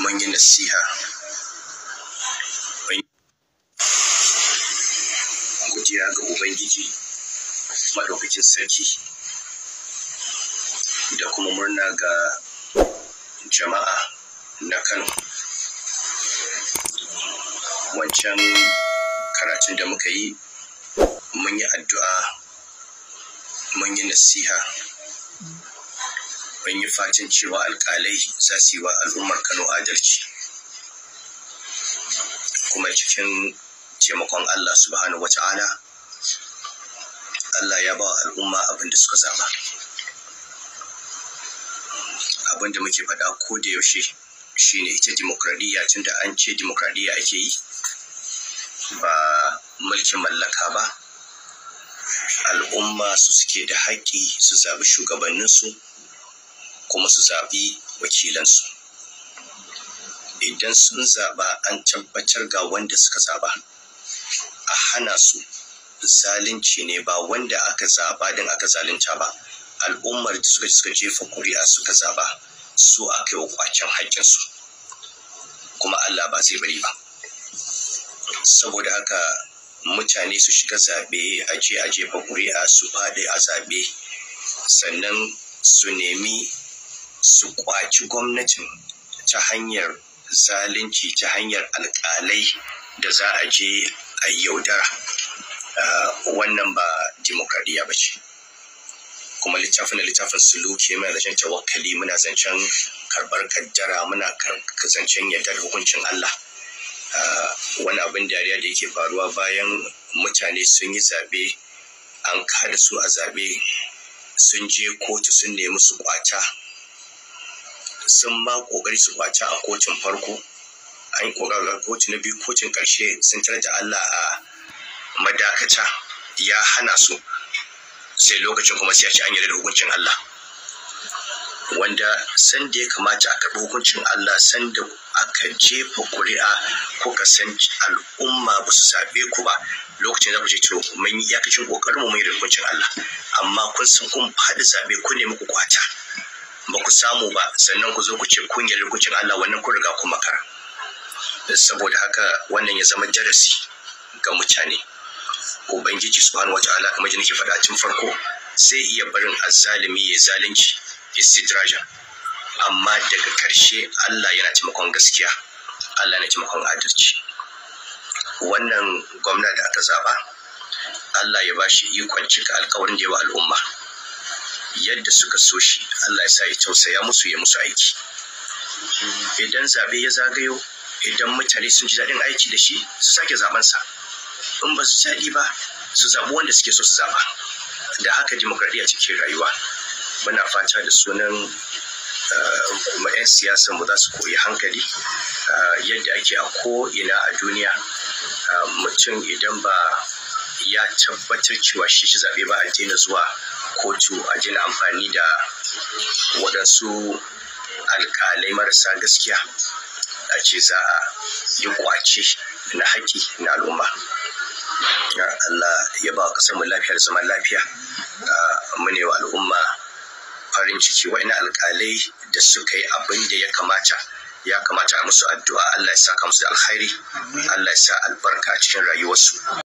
mun yi nasiha godiya ga ubangiji madaukakin sarki da kuma murna ga jama'a na kano wancan karatun da muka yi mun yi addu'a mun yi nasiha mun yi fatan cewa alkalai za su yi wa al'ummar kano adalci kuma cikin taimakon allah subhanahu wa ta'ala allah ya ba al'umma abin da suka zaba abin muke faɗa ko da yaushe shine ita dimokuraɗiyya tunda an ce demokradiyya ake yi ba mulkin mallaka ba al'umma su suke da haƙƙi su zaɓi shugabanninsu kuma su zaɓi wakilansu idan sun zaɓa an tabbatar ga wanda suka zaɓa a hana su zalunci ne ba wanda aka zaɓa don aka zalunta ba al'ummar da suka suka jefa ƙuri'a suka zaɓa su aka yi kwacen haƙƙinsu kuma allah ba zai bari ba saboda haka mutane su shiga zaɓe a je a jefa ƙuri'a, su faɗi a zaɓe sannan su nemi su kwaci gwamnatin ta hanyar zalunci ta hanyar alkalai da za a je a yaudara ah, wannan ba dimokuraɗiyya ba ce kuma littafin da littafin suluki muna zancen tawakkali muna zancen karbar kaddara muna zancen yadda da hukuncin Allah ah, wani abin dariya da yake faruwa bayan mutane sun yi zaɓe an kada su a zaɓe sun je kotu sun nemi su kwata sun ma kokari su kwace a kocin farko an kokarin kocin na biyu kocin karshe sun tarar da Allah a madakaca ya hana su sai lokacin kuma sai a ce an yarda da hukuncin Allah wanda sanda ya kamata a karɓi hukuncin Allah sanda aka jefa kuri'a kuka san al'umma ba su saɓe ku ba lokacin za ku ce to mun yi iyakacin ƙoƙarin mu mun yi hukuncin Allah amma kun san kun faɗi zaɓe ku ne muku kwata ku samu ba sannan ku zo ku ce kun yi lokacin Allah wannan ku riga kun makara saboda haka wannan ya zama darasi ga mutane ubangiji subhanahu wataala kamar da nake faɗa tun farko sai iya barin azzalimi ya zalunci istidraja amma daga karshe Allah yana taimakon gaskiya Allah yana taimakon adalci wannan gwamna da aka zaba Allah ya bashi ikon cika alkawarin da ya wa al'umma yadda suka so shi Allah ya sa ya tausaya musu ya musu aiki idan zabe ya zagayo idan mutane sun ji daɗin aiki da shi su sake sa in ba su daɗi ba su zaɓi wanda suke so su zaɓa da haka demokradiya cikin rayuwa muna fata da sunan kuma eh, 'yan siyasa mu za su koyi hankali eh, yadda ake a ko ina a duniya eh, mutum idan ba ya tabbatar cewa shi shi zaɓe ba a daina zuwa kotu a jina amfani da waɗansu alƙalai marasa gaskiya a ce za a yi ƙwace na haƙƙi na al'umma Allah ya ba ƙasar mu lafiyar zaman lafiya mu ne wa al'umma farin ciki wa'ina alƙalai da suka yi abin da ya kamata ya kamata a musu addu'a Allah ya saka musu alkhairi Allah ya sa albarka cikin rayuwarsu